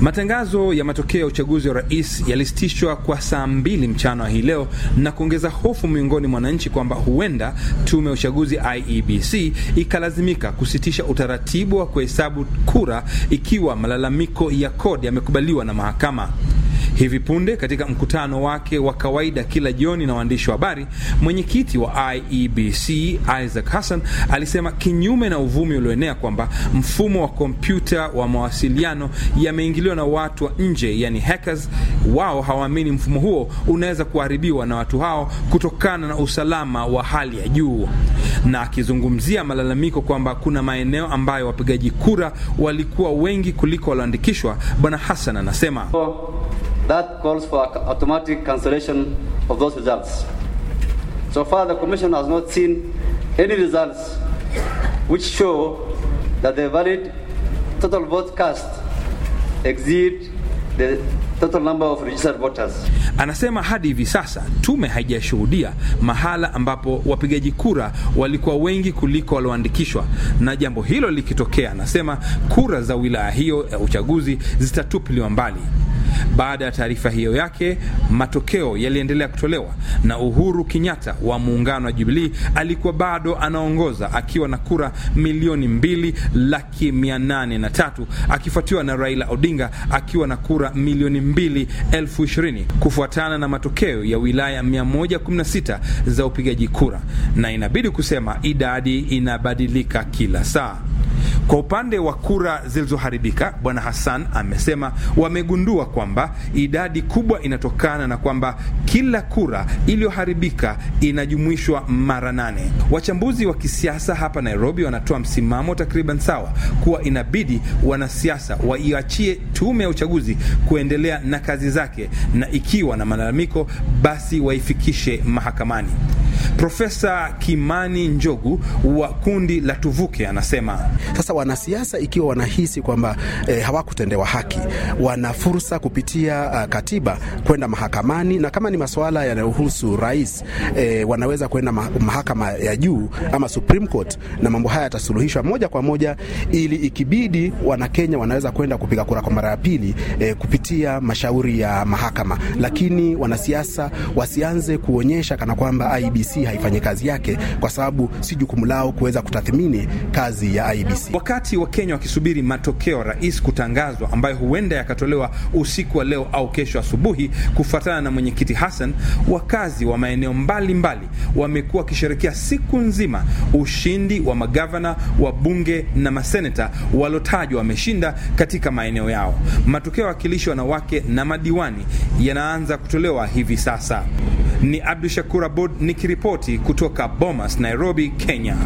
Matangazo ya matokeo ya uchaguzi wa rais yalisitishwa kwa saa mbili mchana hii leo na kuongeza hofu miongoni mwa wananchi kwamba huenda tume ya uchaguzi IEBC ikalazimika kusitisha utaratibu wa kuhesabu kura ikiwa malalamiko ya kodi yamekubaliwa na mahakama. Hivi punde katika mkutano wake wa kawaida kila jioni na waandishi wa habari, mwenyekiti wa IEBC Isaac Hassan alisema kinyume na uvumi ulioenea kwamba mfumo wa kompyuta wa mawasiliano yameingiliwa na watu wa nje, yani hackers, wao hawaamini mfumo huo unaweza kuharibiwa na watu hao kutokana na usalama wa hali ya juu, na akizungumzia malalamiko kwamba kuna maeneo ambayo wapigaji kura walikuwa wengi kuliko walioandikishwa, Bwana Hassan anasema oh. That calls for automatic cancellation of those results. So far, the Commission has not seen any results which show that the valid total vote cast exceed the total number of registered voters. Anasema hadi hivi sasa tume haijashuhudia mahala ambapo wapigaji kura walikuwa wengi kuliko walioandikishwa, na jambo hilo likitokea, anasema kura za wilaya hiyo ya uchaguzi zitatupiliwa mbali. Baada ya taarifa hiyo yake, matokeo yaliendelea kutolewa na Uhuru Kenyatta wa muungano wa Jubilii alikuwa bado anaongoza akiwa na kura milioni mbili laki mia nane na tatu akifuatiwa na Raila Odinga akiwa na kura milioni mbili elfu ishirini kufuatana na matokeo ya wilaya 116 za upigaji kura, na inabidi kusema idadi inabadilika kila saa. Kwa upande wa kura zilizoharibika, Bwana Hassan amesema wamegundua kwamba idadi kubwa inatokana na kwamba kila kura iliyoharibika inajumuishwa mara nane. Wachambuzi wa kisiasa hapa Nairobi wanatoa msimamo takriban sawa kuwa inabidi wanasiasa waiachie tume ya uchaguzi kuendelea na kazi zake, na ikiwa na malalamiko basi waifikishe mahakamani. Profesa Kimani Njogu wa kundi la Tuvuke anasema sasa wanasiasa ikiwa wanahisi kwamba e, hawakutendewa haki, wana fursa kupitia uh, katiba kwenda mahakamani, na kama ni masuala yanayohusu rais e, wanaweza kwenda mahakama ya juu ama Supreme Court, na mambo haya yatasuluhishwa moja kwa moja, ili ikibidi Wanakenya wanaweza kwenda kupiga kura kwa mara ya pili e, kupitia mashauri ya mahakama, lakini wanasiasa wasianze kuonyesha kana kwamba IBC IBC haifanyi kazi yake, kwa sababu si jukumu lao kuweza kutathmini kazi ya IBC. Wakati wa Kenya wakisubiri matokeo rais kutangazwa, ambayo huenda yakatolewa usiku wa leo au kesho asubuhi, kufuatana na mwenyekiti Hassan, wakazi wa maeneo mbalimbali wamekuwa wakisherekea siku nzima ushindi wa magavana, wa bunge na maseneta walotajwa wameshinda katika maeneo yao. Matokeo ya wakilishi wanawake na madiwani yanaanza kutolewa hivi sasa. Ni Abdu Shakur Abud nikiripoti kutoka Bomas, Nairobi, Kenya.